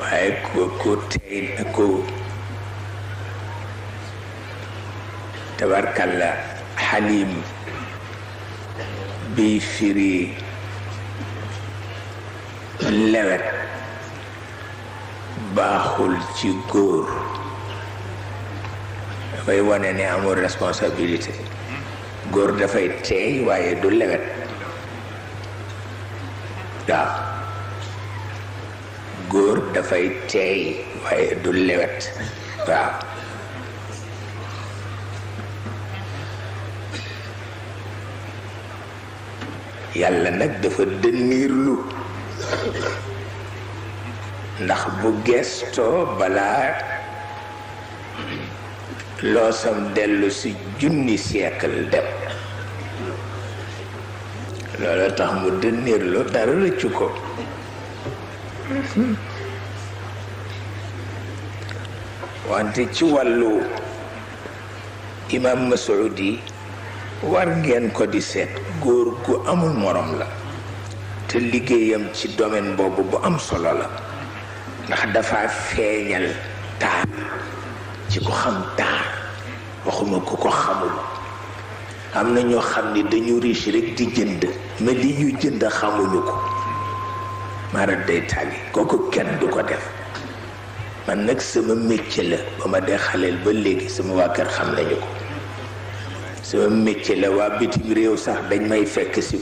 waaye ku ku tey ku tabarkalla xalim bi lewet baaxul ci góor dafay wane ni amul responsabilité góor dafay teey waaye du lewet waaw góor dafay teey waaye du lewet waaw yàlla nag dafa dënniir lu ndax bu gestoo balaa loosam dellu si junni siècle dem loola tax mu dënniir lu dara rëccu ko wante ci wàllu ma Masoudi war ngeen ko di seet góor gu amul morom la te liggéeyam ci domaine boobu bu am solo la ndax dafa feeñal taar ci ko xam taar waxuma ku ko xamul am na ñoo xam ni dañu riche rek di jënd mais li ñu jënd xamuñu ko maara day tàlli kooku kenn du ko def man nag sama métier la ba ma dee ba léegi sama waa kër xam nañu ko sama métier la waa bitim réew sax dañ may fekk si